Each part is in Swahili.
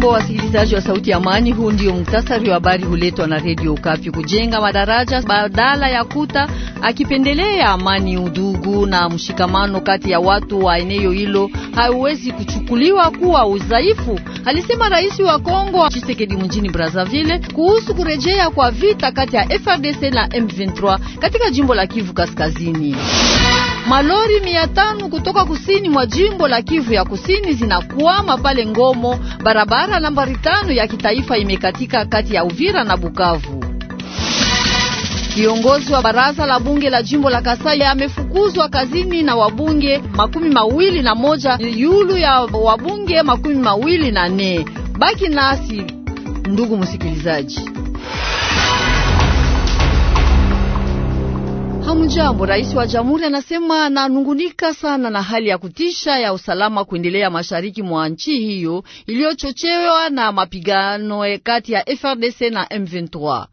Hamjambo wasikilizaji wa Sauti ya Amani, huu ndio muktasari wa habari huletwa na Redio Kapi. Kujenga madaraja badala ya kuta, akipendelea amani, udugu na mshikamano kati ya watu wa eneo hilo haiwezi kuchukuliwa kuwa udhaifu, alisema rais wa Kongo Tshisekedi mjini Brazzaville kuhusu kurejea kwa vita kati ya frdc na M23 katika jimbo la Kivu Kaskazini. Malori mia tano kutoka kusini mwa jimbo la Kivu ya kusini zinakwama pale Ngomo. Barabara nambari tano ya kitaifa imekatika kati ya Uvira na Bukavu. Kiongozi wa baraza la bunge la jimbo la Kasai amefukuzwa kazini na wabunge makumi mawili na moja yulu ya wabunge makumi mawili na ne. Baki nasi ndugu msikilizaji. Hamjambo. Rais wa jamhuri anasema ananungunika sana na hali ya kutisha ya usalama kuendelea mashariki mwa nchi hiyo iliyochochewa na mapigano kati ya FRDC na M23.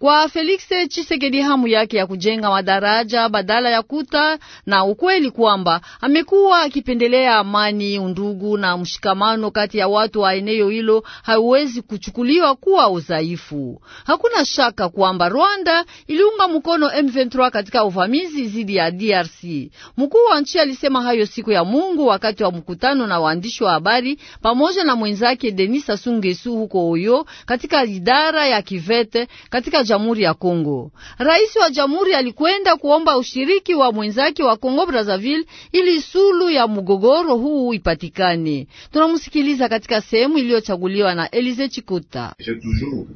Kwa Felix chisekedi hamu yake ya kujenga madaraja badala ya kuta na ukweli kwamba amekuwa akipendelea amani, undugu na mshikamano kati ya watu wa eneo hilo haiwezi kuchukuliwa kuwa udhaifu. Hakuna shaka kwamba Rwanda iliunga mkono M23 katika uvamizi dhidi ya DRC. Mkuu wa nchi alisema hayo siku ya Mungu wakati wa mkutano na waandishi wa habari pamoja na mwenzake Denis Sassou Nguesso huko Oyo katika idara ya Kivete katika Jamhuri ya Kongo. Rais wa jamhuri alikwenda kuomba ushiriki wa mwenzake wa Kongo Brazzaville ili sulu ya mgogoro huu ipatikane. Tunamsikiliza katika sehemu iliyochaguliwa na Elize Chikuta.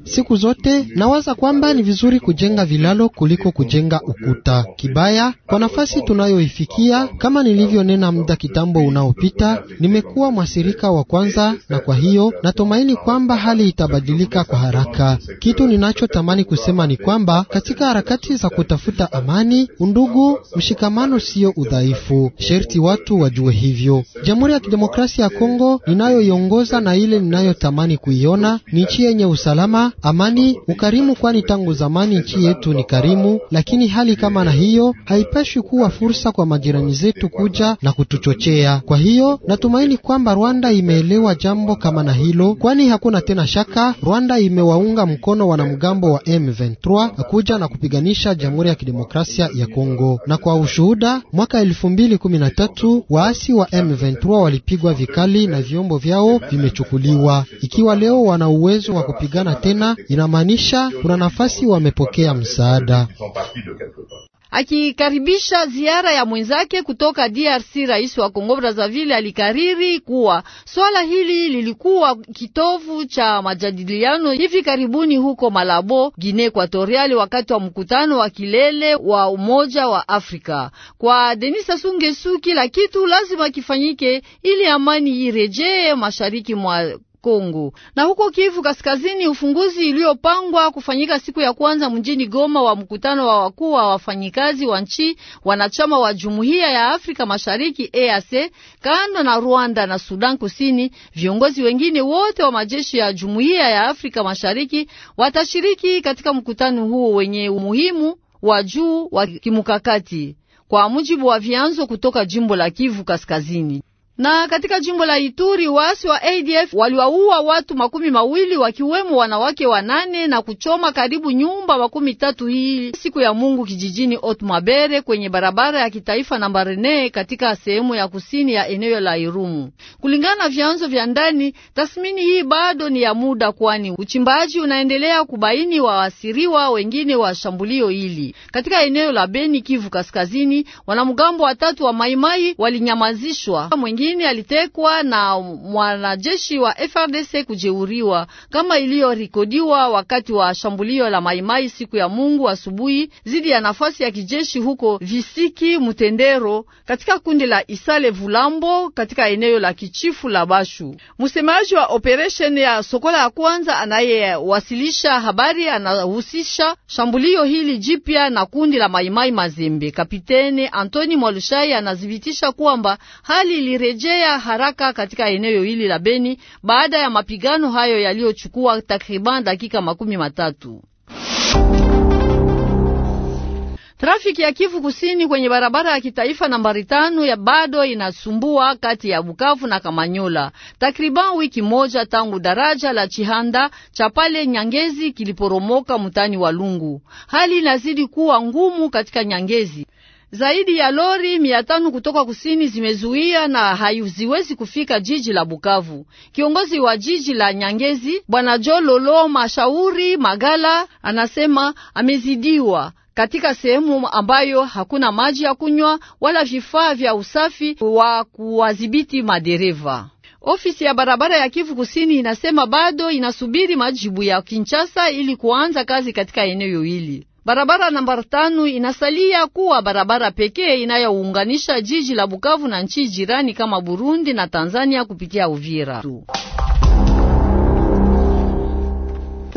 Siku zote nawaza kwamba ni vizuri kujenga vilalo kuliko kujenga ukuta. Kibaya kwa nafasi tunayoifikia, kama nilivyonena muda kitambo unaopita, nimekuwa mwasirika wa kwanza, na kwa hiyo natumaini kwamba hali itabadilika kwa haraka. Kitu ninachotamani kus kusema ni kwamba katika harakati za kutafuta amani, undugu, mshikamano siyo udhaifu. Sherti watu wajue hivyo. Jamhuri ya Kidemokrasia ya Kongo ninayoiongoza na ile ninayotamani kuiona ni nchi yenye usalama, amani, ukarimu, kwani tangu zamani nchi yetu ni karimu. Lakini hali kama na hiyo haipashwi kuwa fursa kwa majirani zetu kuja na kutuchochea. Kwa hiyo natumaini kwamba Rwanda imeelewa jambo kama na hilo, kwani hakuna tena shaka, Rwanda imewaunga mkono wanamgambo wa M23 m kuja na kupiganisha Jamhuri ya Kidemokrasia ya Kongo. Na kwa ushuhuda, mwaka 2013 waasi wa M23 walipigwa vikali na vyombo vyao vimechukuliwa. Ikiwa leo wana uwezo wa kupigana tena, inamaanisha kuna nafasi wamepokea msaada. Akikaribisha ziara ya mwenzake kutoka DRC, rais wa Kongo Brazzaville alikariri kuwa swala hili lilikuwa kitovu cha majadiliano hivi karibuni huko Malabo, Guinea Equatorial, wakati wa mkutano wa kilele wa Umoja wa Afrika. Kwa Denis asungesu kila kitu lazima kifanyike ili amani irejee mashariki mwa Kongo. Na huko Kivu Kaskazini, ufunguzi uliopangwa kufanyika siku ya kwanza mjini Goma wa mkutano wa wakuu wa wafanyikazi wa nchi wanachama wa Jumuiya ya Afrika Mashariki EAC, kando na Rwanda na Sudan Kusini, viongozi wengine wote wa majeshi ya Jumuiya ya Afrika Mashariki watashiriki katika mkutano huo wenye umuhimu wa juu wa kimkakati. Kwa mujibu wa vyanzo kutoka jimbo la Kivu Kaskazini, na katika jimbo la Ituri waasi wa ADF waliwaua watu makumi mawili wakiwemo wanawake wanane na kuchoma karibu nyumba makumi tatu hii siku ya Mungu kijijini Otmabere kwenye barabara ya kitaifa namba rene katika sehemu ya kusini ya eneo la Irumu. Kulingana na vyanzo vya ndani, tathmini hii bado ni ya muda, kwani uchimbaji unaendelea kubaini waasiriwa wengine wa shambulio hili. Katika eneo la Beni, Kivu Kaskazini, wanamgambo watatu wa Maimai walinyamazishwa mwingine mwingine alitekwa na mwanajeshi wa FRDC kujeuriwa kama iliyorikodiwa wakati wa shambulio la Maimai siku ya Mungu asubuhi zidi ya nafasi ya kijeshi huko Visiki Mutendero katika kundi la Isale Vulambo katika eneo la kichifu la Bashu. Msemaji wa operation ya Sokola ya kwanza anayewasilisha habari anahusisha shambulio hili jipya na kundi la Maimai Mazembe. Kapiteni Antoni Mwalushai anazibitisha kwamba hali ilire kurejea haraka katika eneo hili la Beni baada ya mapigano hayo yaliyochukua takriban dakika makumi matatu. Trafiki ya Kivu Kusini kwenye barabara ya kitaifa nambari tano ya bado inasumbua kati ya Bukavu na Kamanyola, takriban wiki moja tangu daraja la Chihanda cha pale Nyangezi kiliporomoka mutani wa Lungu. Hali inazidi kuwa ngumu katika Nyangezi. Zaidi ya lori mia tano kutoka kusini zimezuia na haziwezi kufika jiji la Bukavu. Kiongozi wa jiji la Nyangezi Bwana Lolo Mashauri Magala anasema amezidiwa katika sehemu ambayo hakuna maji ya kunywa wala vifaa vya usafi wa kuwadhibiti madereva. Ofisi ya barabara ya Kivu Kusini inasema bado inasubiri majibu ya Kinshasa ili kuanza kazi katika eneo hili. Barabara nambari tano inasalia kuwa barabara pekee inayounganisha jiji la Bukavu na nchi jirani kama Burundi na Tanzania kupitia Uvira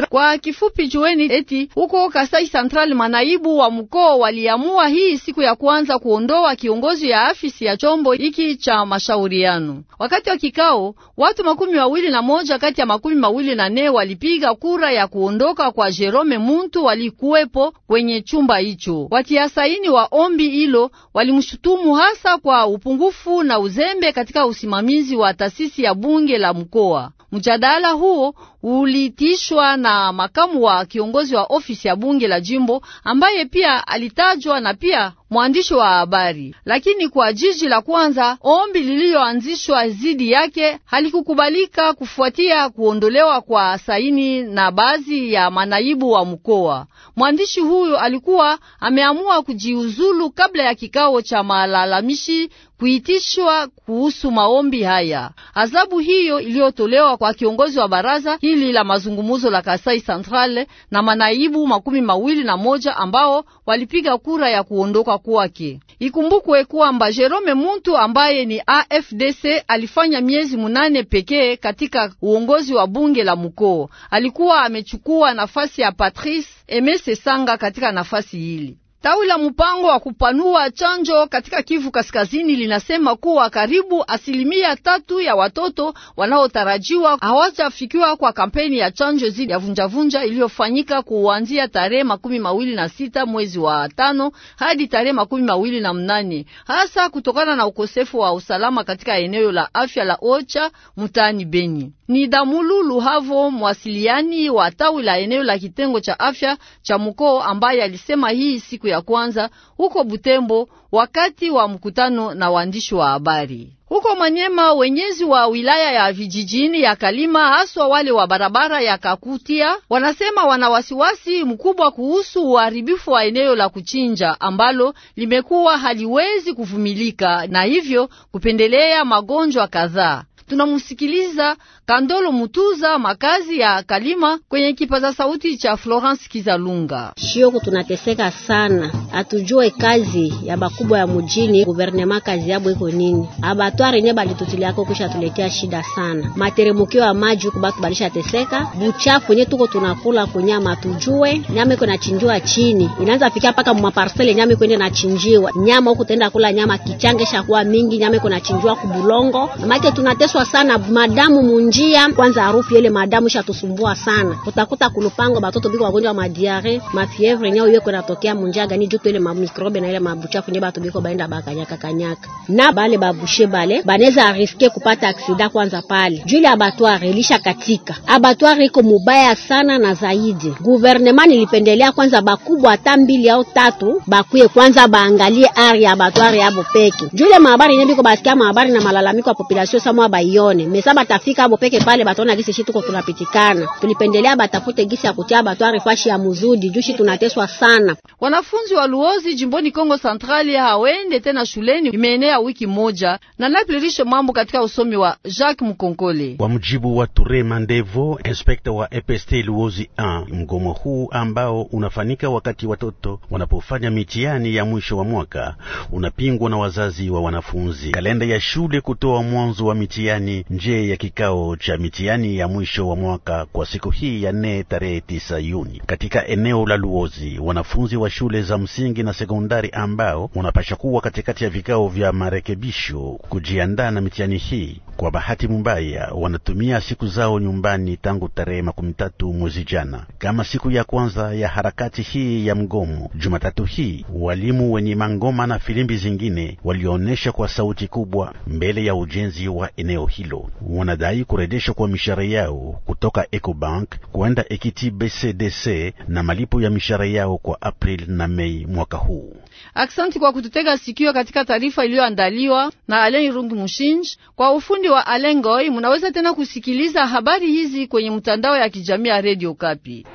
kwa kifupi, jueni eti huko Kasai Central manaibu wa mkoa waliamua hii siku ya kwanza kuondoa kiongozi ya afisi ya chombo hiki cha mashauriano. Wakati wa kikao, watu makumi mawili na moja kati ya makumi mawili na nne walipiga kura ya kuondoka kwa Jerome Muntu walikuwepo kwenye chumba hicho. Watia saini wa ombi hilo walimshutumu hasa kwa upungufu na uzembe katika usimamizi wa taasisi ya bunge la mkoa. Mjadala huo ulitishwa na makamu wa kiongozi wa ofisi ya bunge la jimbo ambaye pia alitajwa na pia mwandishi wa habari, lakini kwa jiji la kwanza ombi lililoanzishwa zidi yake halikukubalika kufuatia kuondolewa kwa saini na baadhi ya manaibu wa mkoa. Mwandishi huyo alikuwa ameamua kujiuzulu kabla ya kikao cha malalamishi kuitishwa kuhusu maombi haya. Adhabu hiyo iliyotolewa kwa kiongozi wa baraza hili la mazungumzo la Kasai Central na manaibu makumi mawili na moja ambao walipiga kura ya kuondoka kwake. Ikumbukwe kwamba Jerome Muntu ambaye ni AFDC alifanya miezi munane pekee katika uongozi wa bunge la mkoa. Alikuwa amechukua nafasi ya Patrice Emese Sanga katika nafasi hili. Tawi la mpango wa kupanua chanjo katika Kivu Kaskazini linasema kuwa karibu asilimia tatu ya watoto wanaotarajiwa hawajafikiwa kwa kampeni ya chanjo zidi ya vunjavunja iliyofanyika kuanzia tarehe makumi mawili na sita mwezi wa tano hadi tarehe makumi mawili na mnane hasa kutokana na ukosefu wa usalama katika eneo la afya la Ocha mtaani Beni ni Damulu Luhavo, mwasiliani wa tawi la eneo la kitengo cha afya cha mkoo, ambaye alisema hii siku ya kwanza huko Butembo wakati wa mkutano na waandishi wa habari. Huko Manyema, wenyezi wa wilaya ya vijijini ya Kalima, haswa wale wa barabara ya Kakutia, wanasema wana wasiwasi mkubwa kuhusu uharibifu wa eneo la kuchinja ambalo limekuwa haliwezi kuvumilika na hivyo kupendelea magonjwa kadhaa. Tunamusikiliza Kandolo Mutuza, makazi ya Kalima, kwenye kipaza sauti cha Florence Kizalunga. Shioko tunateseka sana, atujue kazi ya bakubwa ya mujini guvernema kazi yabo iko nini. Abatware nye balitutiliako kisha tuletea shida sana, materemukio ya maji huko batu balisha teseka, buchafu nye tuko tunakula kunyama, atujue nyama iko nachinjiwa chini, inaanza fikia paka mwa parcele nyama iko na chinjiwa nyama huko, tenda kula nyama kichange shakuwa mingi, nyama iko nachinjiwa kubulongo, maana tunateswa sana madamu munji njia kwanza, harufu ile madamu shatusumbua sana. Utakuta kulupango batoto biko wagonjwa ma diare ma mafievre nyao yeko natokea munjaga ni juu ile mamikrobe na ile mabuchafu nye batu biko baenda bakanyaka kanyaka na bale babushe bale baneza ariske kupata aksida kwanza pale juu ile abatware ilisha katika. Abatware iko mubaya sana na zaidi guvernema nilipendelea kwanza bakubwa hata mbili au tatu bakuye kwanza baangalie ari ya abatware yabo peke juu mahabari nye biko basikia mahabari na malalamiko ya populasio samwa baione mesaba tafika abo peke peke pale batona gisi shi tuko tunapitikana. Tulipendelea batafute gisi ya kutia batware fashi ya muzudi jushi tunateswa sana. Wanafunzi wa Luozi jimboni Kongo Centrali hawende tena shuleni imeenea wiki moja na napilishe mambo katika usomi wa Jacques Mkonkole. Kwa mjibu wa Ture Mandevo, inspekta wa EPST Luozi a mgomo huu ambao unafanika wakati watoto wanapofanya mitihani ya mwisho wa mwaka unapingwa na wazazi wa wanafunzi. Kalenda ya shule kutoa mwanzo wa mitihani nje ya kikao cha mitihani ya mwisho wa mwaka kwa siku hii ya nne tarehe tisa Yuni katika eneo la Luozi. Wanafunzi wa shule za msingi na sekondari ambao wanapasha kuwa katikati ya vikao vya marekebisho kujiandaa na mitihani hii, kwa bahati mbaya wanatumia siku zao nyumbani tangu tarehe makumi tatu mwezi jana, kama siku ya kwanza ya harakati hii ya mgomo. Jumatatu hii walimu wenye mangoma na filimbi zingine walioonyesha kwa sauti kubwa mbele ya ujenzi wa eneo hilo, wanadai kure mrejesho kwa mishahara yao kutoka Ecobank kuenda Equity BCDC na malipo ya mishahara yao kwa April na Mei mwaka huu. Aksanti kwa kututega sikio katika taarifa iliyoandaliwa na Alen Rungi Mushinj kwa ufundi wa Alengoi. Munaweza tena kusikiliza habari hizi kwenye mtandao ya kijamii ya Radio Kapi.